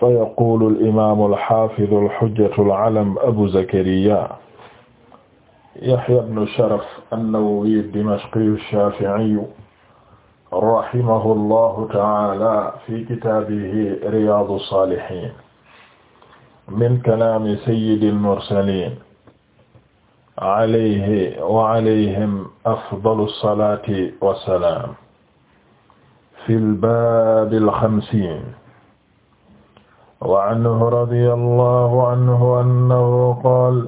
fa yaqulu al-imaamu al-haafidu al-hujjatu al-alam abu zakariya yahya ibnu sharaf an-nawawi ad-dimashqiyu ash-shaafi'iyu rahimahu allahu ta'aala fi kitaabihi riyaadu saalihiin min kalaami sayyidi al-mursaliin alayhi wa alayhim afdalu salaati wa salaam fil baabil xamsiin وعنه رضي الله عنه أنه قال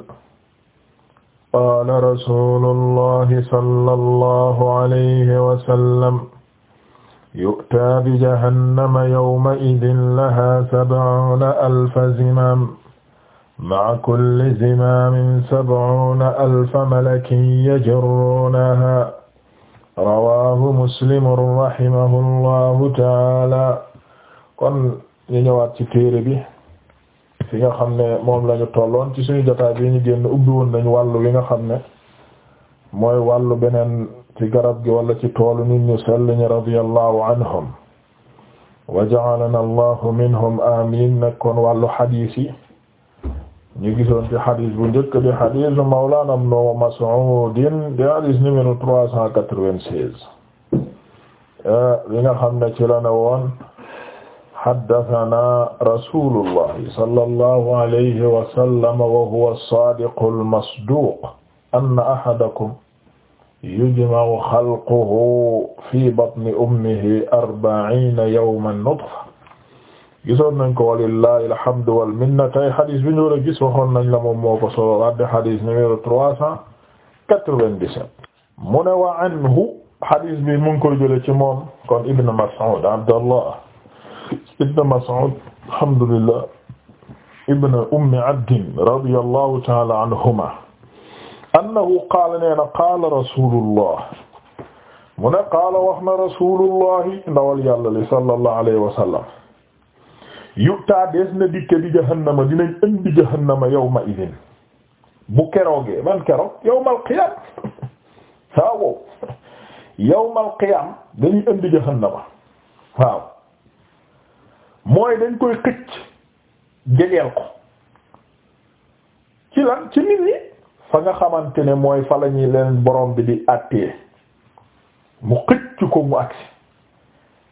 قال رسول الله صلى الله عليه وسلم يؤتى بجهنم يومئذ لها سبعون ألف زمام مع كل زمام سبعون ألف ملك يجرونها رواه مسلم رحمه الله تعالى kon ñu ñëwaat ci téere bi fi nga xam ne moom lañu tolloon ci suñu jotaay bi ñu génn ubbi woon nañu wàllu wi nga xam ne mooy wàllu beneen ci garab gi wala ci toolu nit ñu sell ñi radiyallahu anhum wa ja'alana allahu minhum amin nekkoon wàllu xadiis yi ñu gisoon ci xadiis bu njëkk di xadiisu mawlaana ibnu Mas'uudin di xadiis numéro trois cent quatre-vingt-seize li nga xam ne ci la ne woon haddasanaa rasuulullahi sallallahu alayhi wa sallam wa huwa as-saadiqul masduuq anna ahadakum yujma'u xalquhu fi batni ummihi arba'iina yawman nutfa gisoon nañ ko walillahi alhamdu wal minna tey xadis bi ñu war a gis waxoon nañ la moom moo ko solo wadde xadis numéro trois cent quatre-vingt-dix-sept mu ne wa anhu xadis bi mu ngi koy jële ci moom kon Ibn Mas'ud Abdallah ibn Mas'ud alhamdulillah ibn ummi abdin radiyallahu ta'ala anhuma annahu qaala nee na qaala rasulullah mu ne qaala wax na rasulullahi ndawal yàlla li sallallahu alayhi wa sallam yutaa des na dikke bi jahannama dinañ indi jahannama yawma idin bu keroogee man keroog yawmal qiyaam waaw yawmal qiyaam dañuy indi jahannama waaw mooy dañ koy xëcc jegeel ko ci lan ci nit fa nga xamante ne mooy fa la leen borom bi di àttee mu xëcc ko mu agsi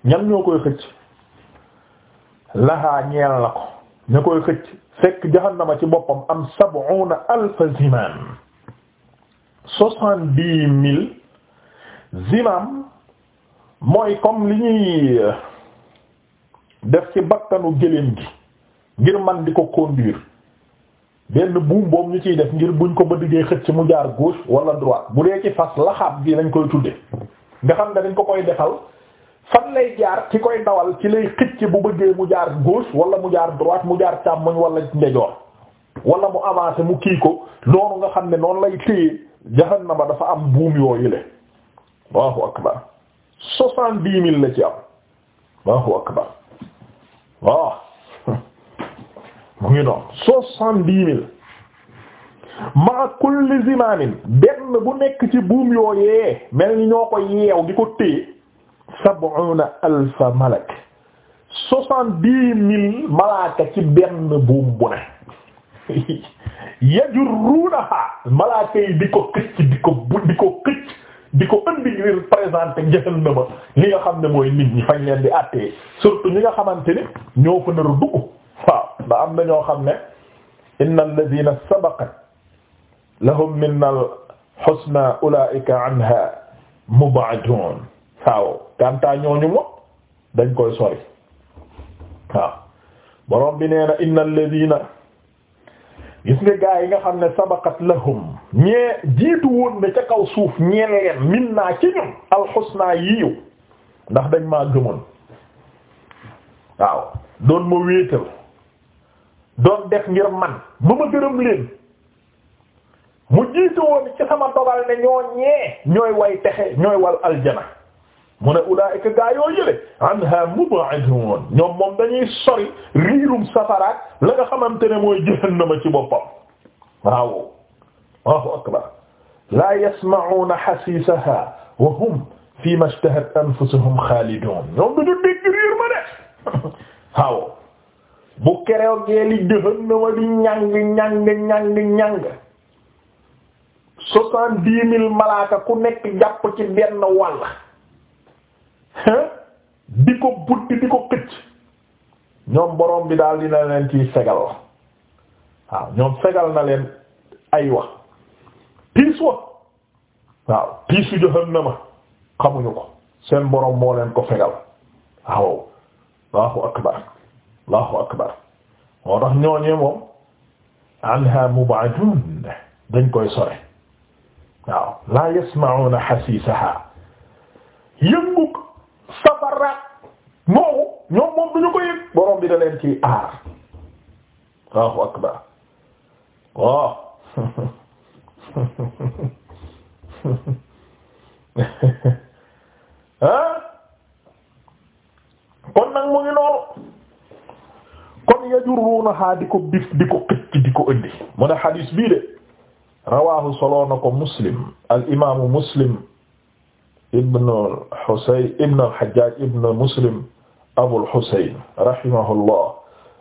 ñam ñoo koy xëcc lahaa ñeel la ko ña koy xëcc fekk jahannama ci boppam am sab'una alf zimam soixante-dix mille zimam mooy comme li ñuy def ci bakkanu gëléem gi ngir man di ko conduire benn buum boobu ñu ciy def ngir buñ ko bëggee xëcc mu jaar gauche wala droite bu dee ci fas laxaab bi lañ koy tudde nga xam ne dañ ko koy defal fan lay jaar ci koy dawal ci lay xëcc bu bëggee mu jaar gauche wala mu jaar droite mu jaar càmmoñ wala ndejoor wala mu avancé mu kii ko noonu nga xam ne noonu lay na jahannama dafa am buum yooyu le Allahu akbar soixante-dix mille la ci am Allahu waaw mu ngi noonu soixante-dix mille ma kulli zimanin benn bu nekk ci buum yooyee mel ni ñoo ko yeew di ko téye sab'una alfa malak soixante-dix mille malaaka ci benn buum bu ne yajurrunaha malaaka yi di ko xëcc di ko bu di ko xëcc di ko indi ngir présenter jahannama li nga xam ne mooy ni ñi fañ leen di àttee surtout ñi nga xamante ni ñoo fa nar a dugg waaw am na ñoo xam ne inna alladhina sabaqat lahum minna al-husna ulaa'ika anha mub'adun waaw kantaa ñooñu moom dañ koy sori waaw borom bi nee na inna alladhina gis nga gaa yi nga xam ne sabaqat lahum ñee jiitu woon ne ca kaw suuf ñeel leen min naa ci ñun alxusnaa yiiw ndax dañ maa gëmoon waaw doon ma wéetal doon def ngir man ba ma gërëm leen mu jiitu woon ci sama dogal ne ñoo ñee ñooy way texe ñooy wal aljana mu ne ulaa'ika gaa yoo yële anha mub'adun ñoom moom dañuy sori riirum safaraat la nga xamante ne mooy jahannama ci boppam waaw Allahu akbar laa yasma'una hasiisaha wa hum fii mashtahat anfusuhum xaaliduun ñoom du ñu dégg riir ma de waaw bu kerew geeli jahannama di ñang ñang ñang ñang soixante-dix mille malaaka ku nekk jàpp ci benn wàll di ko buddi di ko xëcc ñoom borom bi daal dina leen ciy fegal la waaw ñoom fegal na leen ay wax piis wa waaw piisu jahannama xamuñu ko seen borom moo leen ko fegal waaw allahu akbar allahu akbar moo tax ñooñee moom anha mub'adun dañ koy sore waaw la yasma'una hasisaha yënguk safaraat moomu ñoom moom du ñu ko bi da leen ci aar waaw akbar waaw oh. kon nag mu ngi noonu kon yajurunaha di ko bif di ko xëcc di ko ëndi mu ne xadiis rawaahu solo muslim al imaamu muslim ibn al-Husayn ibn al-Hajjaj ibn Muslim Abul Husayn rahimahullah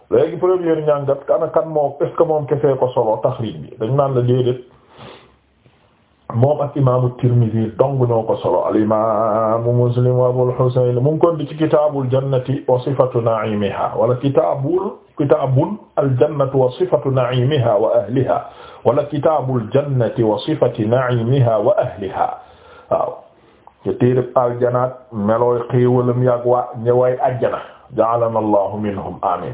léegi première njàngat kan kan moom est ce que moom kefee ko solo taxriij bi dañ naan la déedéet moom ak imaamu Tirmidhi dong ñoo ko solo al imaamu Muslim Abul Husayn mu ngi kon di ci kitaabul jannati wa sifatu na'iimiha wala kitaabul kitaabul al-jannati wa sifatu na'iimiha wa ahliha wala kitaabul jannati wa sifati na'iimiha wa ahliha waaw te téereb aljanaat melooy xéewalam yàgg waa ñëwaay ajjana ja'alana allahu minhum amin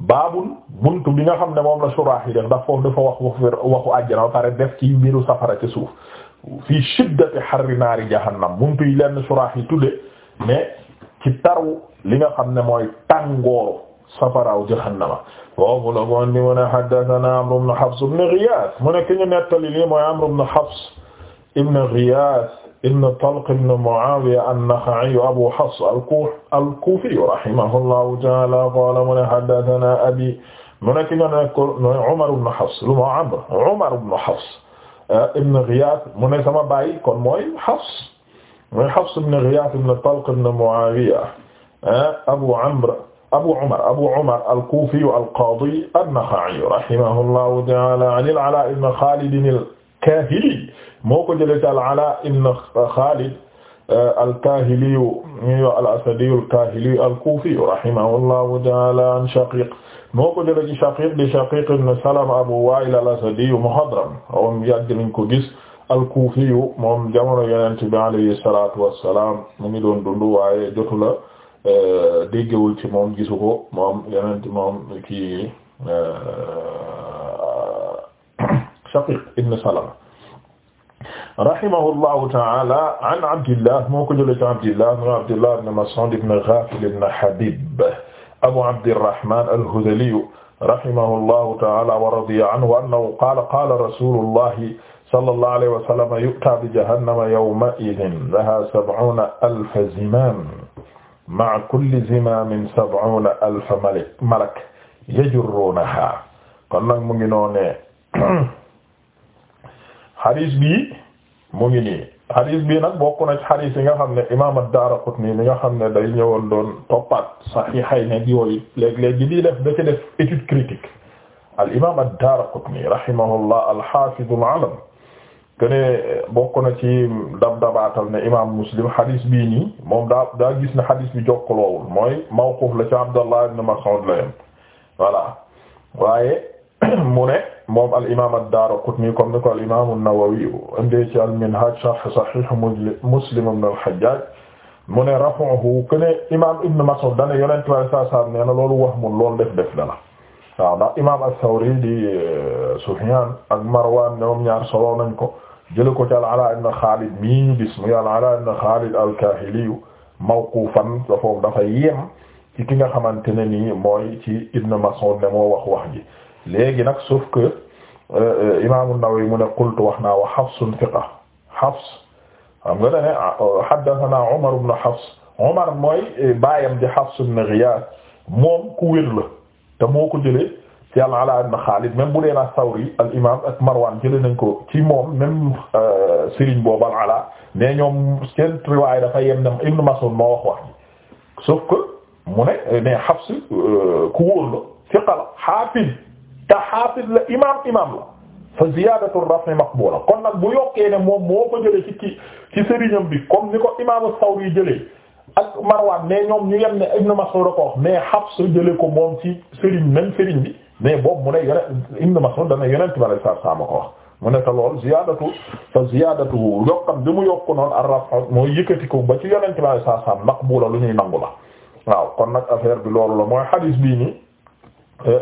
baabul buntu bi nga xam ne moom la suraax yi def ndax foofu dafa wax waxu ajjana ba pare def ci mbiru safara ci suuf fii shiddati harri naari jahannam buntu yi lenn suraax yi tudde mais ci tarwu li nga xam ne mooy tàngooru safaraaw jahannama foofu la goon di mu ne haddathana amru ibn hafs ibn ghiyath mu ne ki ñu nettali lii mooy amru ibn hafs ibn ghiyath ibn Talq ibn Mu'aawiya an-Naxa'i Abu Hafs al-Kuufi rahimahullahu ta'aala qaala mu ne haddathanaa abii mu nekk nga ne ko Umar ibn Hafs lu ma Amr Umar ibn Hafs eh, ibn Ghiyaas mu ne sama baay kon mooy Hafs mooy Hafs ibn Ghiyaas ibn Talq ibn Mu'aawiya eh, Abu Amr Abu Umar Abu Umar al-Kuufi al-Qaadi an-Naxa'i rahimahullahu ta'aala an al-Alaa ibn Khaalid al moo ko jëlee ci al-Alaa ibn Xaalid euh, al-Kahili ñuy wax al al-Kahili al an Shaqiq moo ko jëlee ci Shaqiq di Shaqiq ibn Salama Abu Wa'il al-Asadi muhadram moom yàgg nañ ko gis al moom jamono Yonent bi alayhi salaatu wa salaam mu ngi doon dund waaye jotu la euh, ci moom gisu ko moom Yonent moom kii. Euh, Shaqiq ibn Salama rahimahullahu ta'ala an Abdillah moo ko jëlee ci Abdillah ibn Abdillah ibn Mas'ud ibn Ghafil ibn Habib Abu Abdirrahman al-Hudhali rahimahullahu ta'ala wa radiya anhu annahu qaala qaala rasulullahi sallallahu alayhi wa sallam yu'ta bi jahannama yawma'idhin laha sab'una alfa zimaam ma'a kulli zimaamin sab'una alfa malak yajurrunaha kon nag mu ngi noonee xadis bii mu ngi nii xadis bii nag bokk na ci xadis yi nga xam ne imaam ad-Daaraqutni mi nga xam ne day ñëwoon doon toppaat saxiixay ne yooyu léeg-léeg gi di def da ci def étude critique al imaam ad-Daaraqutni rahimahullah al-Haafiz al kene bokk na ci dab dabaatal ne imaam Muslim xadis bii nii moom daa daa gis ne xadis bi jokkaloowul mooy mawquuf la ci Abdallah ibn Mas'ud la yem waaye mu ne moom al imaam ad-Daaraqutni comme ni ko al imaam an-Nawawi al-Minhaaj sharh Sahih Muslim al-Hajjaaj mu ne rafahu que ne imaam Ibn Mas'ud dane yonent bi saa saa nee na loolu wax mun loolu def dana waaw ndax imaam as-Sawri di euh, Sufyaan ak Marwaan ñoom ñaar solo nañ ko jëlee ko ci al-Alaa ibn Xaalid mii ñu gis muy ibn Xaalid al-Kaahili mawquufan foofu dafa yem ki nga xamante ne nii mooy ci Ibn Mas'ud ne moo wax wax ji. léegi nag sauf que euh, euh, imaamu Nawawi mu ne qultu wax naa wa Hafsun thiqa Hafs xam nga dane ah, euh, haddathana Umar ibn Hafs Umar mooy eh, baayam di Hafs ibn Ghiyath moom ku wér la te moo ko jëlee ci al-Ala ibn Khalid même bu dee na Sawri al imaam ak Marwan jëlee nañ ko ci moom même Serigne boobu al-Ala mais ñoom seen riwaay dafa yem ne Ibn Mas'ud moo wax wax sauf que mu ne eh, ne Hafs ku wóor la thiqa la hafiz te xaafis la imaam imaam la fa ziyaadatu raf'i maqbuula kon nag bu yokkee ne moom moo ko jëlee ci ki ci sëriñam bi comme ni ko imaamu Sawri jëlee ak Marwan mais ñoom ñu yem ne Ibn Mas'ud a ko wax mais Hafs jëlee ko moom ci sëriñ même sëriñ bi mais boobu mu ne yore Ibn Mas'ud da yonent bi alayhi salaam ko wax. mu ne ko lool ziyaadatu fa ziyaadatu yokkam bi mu yokk noonu ar-raf' mooy yëkkati ko ba ci yonent bi alayhi salaam maqbuula lu ñuy nangu la waaw kon nag affaire bi loolu la mooy hadis bii nii.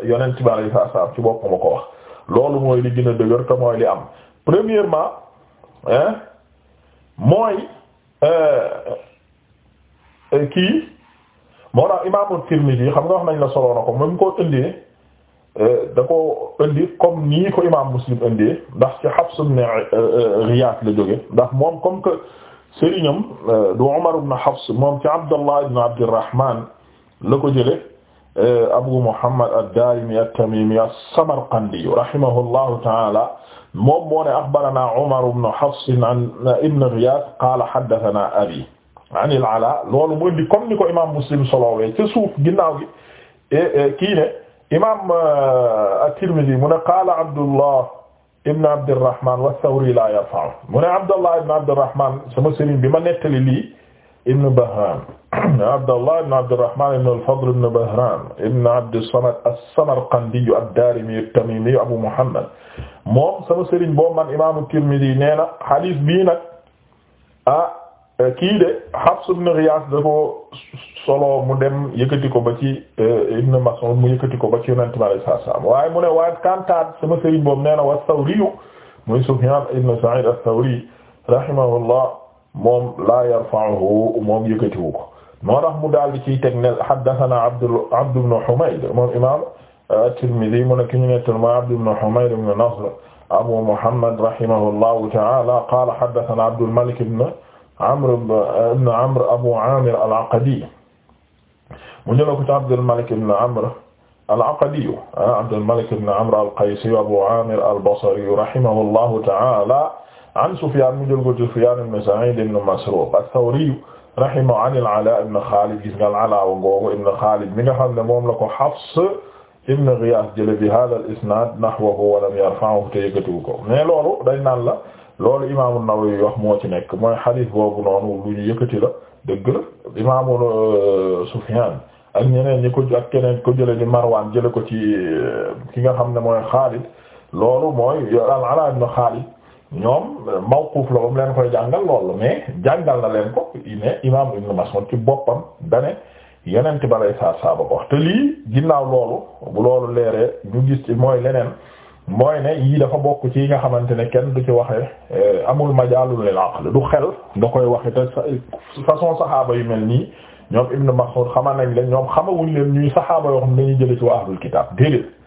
yonent bi alayhi salaam ci boppam ko wax loolu mooy li gën a dëgër te mooy li am premièrement hein mooy euh, euh, kii moo tax imaamu Tirmidhi xam nga wax nañ la solo ko même koo indee euh, da ko indi comme nii ko imaam Muslim indee ndax ci Hafs ibn Ghiyath la jóge ndax moom comme que sëriñam du Umar ibn Hafs moom ci Abdallah ibn Abdirrahman la ko jële Euh, Abu Muhammad ad-Daarimi at-Tamiimi as-Samarqandi rahimahullahu ta'aala moom moo ne axbaranaa Umar ibn Hafs an ibn Ghiyaas qaala haddathanaa abii an al-Alaa loolu mooy di comme ni ko imaam Muslim solowee ci suuf ginnaaw gi kii ne imaam euh, at-Tirmidhi mu ne qaala Abdullah ibn Abdirrahmaan wa ath-Thawri laa yarfa'u mu ne Abdullah ibn Abdirrahmaan sama sëriñ bi ma nettali lii ibn Bahram Abdallah ibn Abdurrahman ibn al-Fadl ibn Bahram ibn Abd as-Samad as-Samarqandi ad-Darimi at-Tamimi Abu Muhammad moom sama sëriñ boobu man imaamu Tirmidhi nee na xadiis bii nag ah kii de Hafs ibn Ghiyaas da ko solo mu dem yëkkati ko ba ci e, Ibn Mas'ud mu yëkkati ko ba ci Yonent bi alayhi salaam waaye mu ne waaye kantaat sama sëriñ boobu nee na wa Thawri muy Sufyaan ibn Sa'iid ath-Thawri rahimahullah moom la yarfa'uhu moom yëkkatiwu ko moo tax mu daal di ciy teg ne haddathana Abd Abd ibn Humayd moom imaam at-Tirmidhi mu ne ki ñu nettal ma Abd ibn Humayd ibn Nasr Abu Muhammad rahimahullahu ta'ala qala haddathana Abdul Malik ibn Amr ibn Amr Abu Amir al-Aqadi mu jëla ko ci Abdul Malik ibn Amr al-Aqadi ah, Abdul Malik ibn Amr al-Qaysi Abu Amir al-Basri rahimahullahu ta'ala an Sufyaan mu jël ko ci Sufyaan ibn Sa'iid ibn Masruuq ath-Thawri rahimahu an al-Alaa ibn Xaalid gis nga al-Alaa wa ngoogu ibn Xaalid mi nga xam ne moom la ko Hafs ibn Ghiyaas jële bi haadha al-isnaad nahwahu wa lam yarfa'hu te yëkkatiwu ko mais loolu dañ naan la loolu Imaam an-Nawawi wax moo ci nekk mooy xadiis boobu noonu lu ñu yëkkati la dëgg la Imaam euh, Sufyaan ak ñeneen ñi ko ak keneen ko jële di Marwaan jële ko ci euh, ki nga xam ne mooy Xaalid loolu mooy al-Alaa ibn Xaalid ñoom euh, mawquf la ba mu leen koy jàngal lool la mais jàngal na leen ko ne imaam Ibn Mas'ud ci boppam dane yenent ba lay saar saaba ko te lii ginnaaw loolu bu loolu leeree ñu gis ci mooy leneen mooy ne yii dafa bokk ci yi nga xamante ne kenn du ci waxee euh, amul majaalul lil la du xel nga koy waxe te euh, façon saxaaba yu mel nii ñoom Ibn Mas'ud xama nañ leen ñoom xamawuñ leen ñuy saxaaba yoo xam ne ñu jële ci waa ahlul kitaab déedéet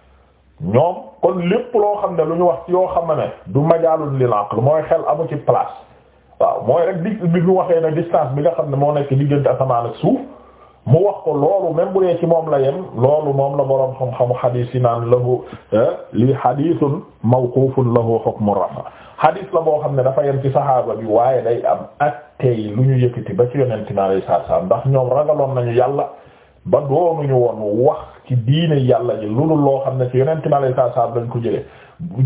ñoom kon lépp loo xam ne lu ñu wax ci yoo xam ne du majaalul lil aql mooy xel amu ci place waaw mooy rek di bi ñu waxee ne distance bi nga xam ne moo nekk diggante asamaan ak suuf mu wax ko loolu même ci moom la yem loolu moom la boroom xam-xamu xadiis yi naan lahu eh, lii xadiisun mawquufun lahu hukmu rafa xadiis la boo xam ne dafa yem ci saxaaba bi waaye day am ak tey lu ñu yëkkati ba ci yonent mi alayhi salaatu salaam ndax ñoom ragaloon nañu yàlla ba ñu woon wax ci diine yàlla ji loolu loo xam ne si ci yonent mi alayhi salaam dañ ko jëlee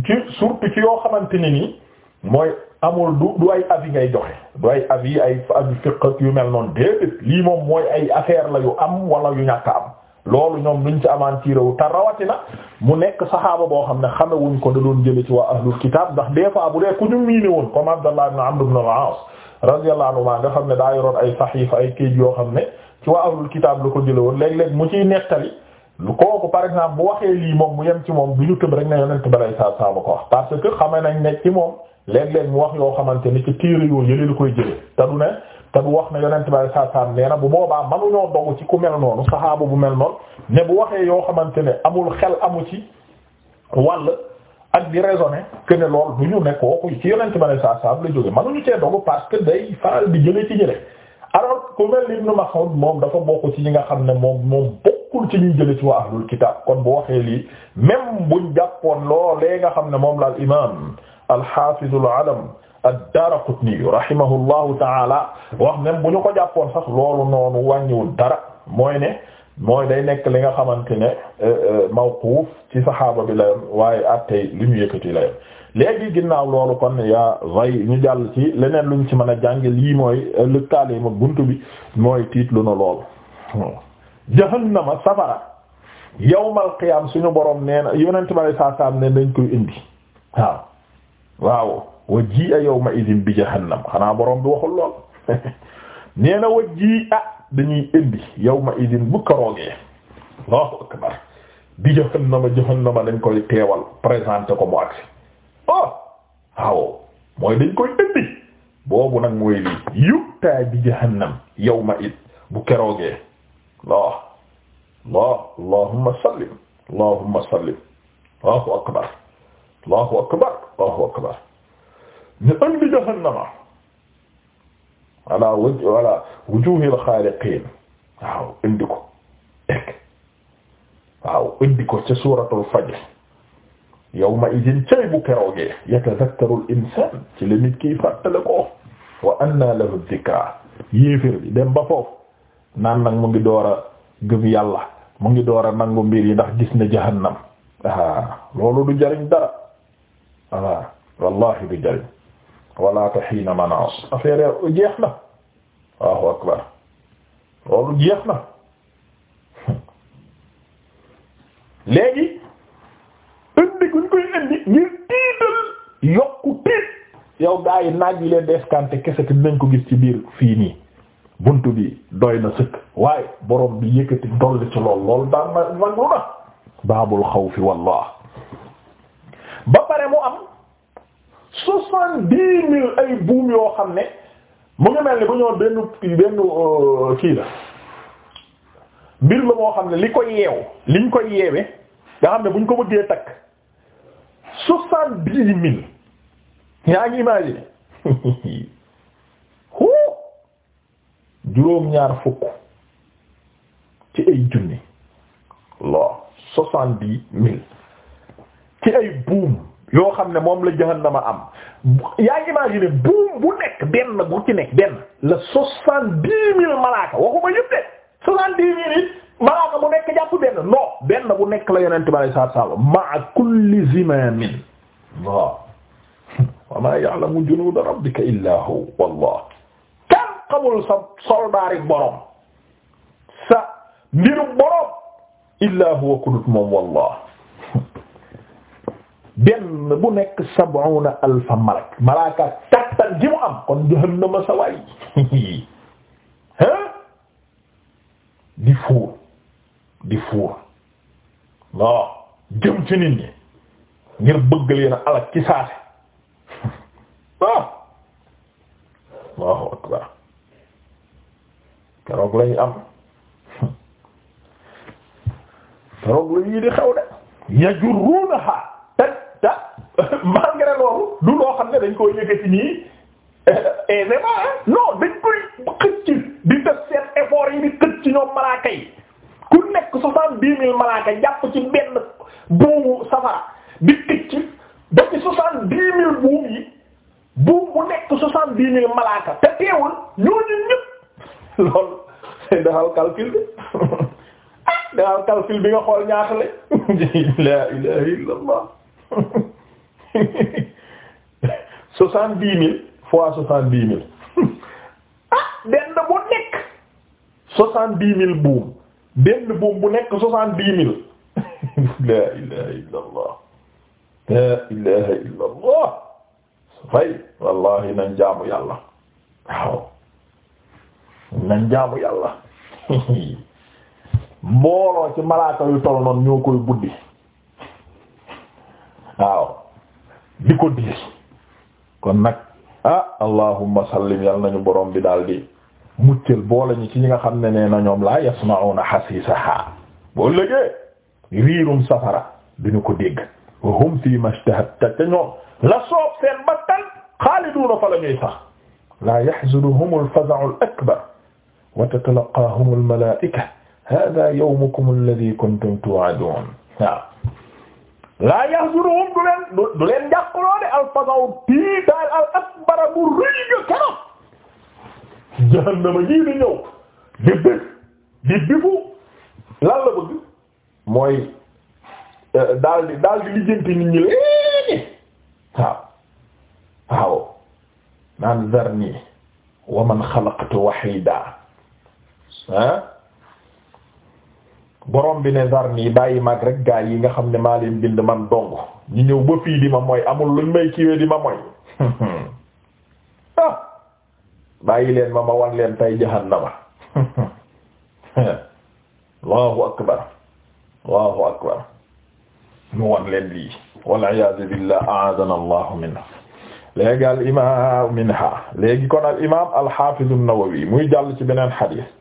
ci surtout ci yoo xamante ne ni mooy amul du du ay avis ngay joxe du ay avis ay avis fiqh yu mel noonu déedéet lii moom mooy ay affaire la yu am wala yu ñàkk am loolu ñoom duñ ci amaan aventure wu te rawatina mu nekk saxaaba boo xam ne xamewuñ ko da doon jële ci waa ahlul kitaab ndax des fois bu dee ku ñu miine woon comme Abdallah ibn Amr ibn al-As radiyallahu ne daa yoroon ay saxiifa ay kéej yoo xam ne ci waa ahlul kitaab la ko jële woon léeg-léeg mu ciy nettali kooku par exemple bu waxee lii moom mu yem ci moom du ñu tëb rek ne yonent balay saa saa ba ko wax parce que xame nañ ne ci moom léeg-léeg mu wax yoo xamante ni ci téere yoo yële la koy jële te du ne te du wax ne yonent balay saa saa nee na bu boobaa ñoo dogu ci ku mel noonu saxaabu bu mel noonu ne bu waxee yoo xamante ne amul xel amu ci wàll ak di raisonner que ne lool du ñu ne kooku ci yonent balay saa saa la jóge mënuñu cee dogu parce que day faral di jële ci alors ku mel ni Ibn Mas'ud moom dafa bokk ci ñi nga xam ne moom moom bokkul ci ñuy jële ci waa ahlul kitaab kon bu waxee lii même buñ jàppoon loolee nga xam ne moom la al imaam al haafiz al alam ad-Daaraqutni rahimahullahu taala wax même bu ñu ko jàppoon sax loolu noonu wàññiwul dara mooy ne mooy day nekk li nga xamante ne euh, euh, mawquuf ci saxaaba bi la waaye attey li ñu yëkkati la léegi ginnaaw loolu kon yaa way ñu jàll ci leneen lu ñu ci mën a jàng yii mooy euh, lëkkaale ma bunt bi mooy lu na lool hmm. jahannama safara yawmal qiyaam suñu borom nee na yonent bi saa saam ne dañ koy indi waaw waaw wa ji'a yawma idin bi jahannam xanaa borom bi waxul lool nee na wa ji'a dañuy indi yawma idin bu karoogee Allahu akbar bi jahannama jahannama dañ koy teewal présenté ko mu agsi oh waaw mooy dañ koy indi boobu nag mooy lii yuktaa bi jahannam yawma it bu keroogee loo loo allahumma sallim allahumma sallim allahu akbar allahu akbar allahu akbar ñu indi jahannama ala waj ala wujuhil xaaliqiin waaw indi ko ek waaw indi ko ca suuratul fajr yawma idin cay bu keroogee yatazakkaru al insaan ci la nit kiy fàttale ko wa anna lahu dhikra yéefér bi dem ba foofu naan nag mu ngi door a gëm yàlla mu ngi door a nangu mbir yi ndax gis na jahannam ah loolu du jariñ dara ah wallahi du jariñ wala ta xiina manaas affaire jeex na waaw akbar loolu jeex na léegi indi guñ koy indi ngir tiital yokku tiit yow gaa yi naaj yi leen di eskante kese te dinañ ko gis ci biir fii nii bunt bi doy na sëkk waaye borom bi yëkkati dolli ci lool lool daan na nangu na baabul xawfi wallah ba pare mu am soixante-dix mille ay buum yoo xam ne mu ngi mel ni bu ñëwoon benn benn euh, kii la mbir la moo xam ne li ko yeew liñ ko yeewe nga xam ne buñ ko bëggee takk soixante-dix mille yaa ngi imaginer hu juróom-ñaar fukk ci ay junni loo soixante-dix mille ci ay buum yoo xam ne moom la jahannama am yaa ngi imaginer buum bu nekk benn bu ci nekk benn la soixante-dix mille malaaka waxuma yëpp de soixante-dix mille malaaka bu nekk jàpp benn non benn bu nekk la yonent bi alayhi salaatu wassalaam wa maa ya'lamu junuuda rabbika illaa huwa wallah kenn xamul sa borom sa mbiru borom illaa huwa kudut moom wallah benn bu nekk sab'una malak malaaka kattan ji mu am kon jahannama sa waay di fuur di fuur non jëm ci nit ñi ngir bëgg leen a alal ci saase ah Allahu lañuy am keroog lañuy di xew de yajurunaha te te malgré loolu du loo xam ne dañ koy yëkkati nii aisément eh, eh, eh, non dañ koy xëcc di def seen effort yi di xëcc ñoom malaaka yi ku nekk soixante-dix mille malaaka jàpp ci benn buumu safara di tic ci soixante-dix mille buum yi buum bu nekk soixante-dix mille malaaka te teewul ñooñu ñëpp loolu defal calcul bi ah defal calcul bi nga xool ñaata la la ilaha soixante-dix mille fois soixante-dix mille ah benn bu nekk soixante-dix mille buum benn buum bu nekk soixante-dix mille la ilaha illa la ilaha illa allah fay wallahi nañ jaamu yàlla waaw nañ jaamu yàlla mbooloo ci malaata yu toll noonu ñoo koy buddi waaw di ko diis kon nag ah allahumma sallim yàlla nañu borom bi daal di muccal boole ñu ci ñi nga xam ne nee na ñoom laa yasma'una hasisaha boo lëgee riirum safara duñu ko dégg wa hum fii mashtahat te ñoom la soob seen battal xaaliduuna fa la ñuy sax laa yahzunuhum al-faza'u al-akbar wa tatalaqaahum al-malaa'ika haadaa yawmukum alladhii kuntum tu'aduun waaw laa yahzunuhum du leen du leen jàqloo de al-faza'u bii daal al-akbar bu rëy ga keroog jahannama yii di ñëw di bés di bifu lan la bëgg mooy euh, daal di daal di lijjanti nit ñi léegi waaw waaw naan zarni wa man xalaqtu wahida ah borom bi ne zarni bàyyi mag rek gaa yi nga xam ne maa leen bind man dong ñu ñëw ba fii di ma mooy amul luñ may kiiwee di ma mooy bàyyi leen ma ma wan leen tey jahannama allahu akbar allahu akbar mu wan leen lii waliyasu billah aadana allahu minha léegi al imam minha léegi kon al imam al hafiz an-Nawawi muy jàll ci beneen hadith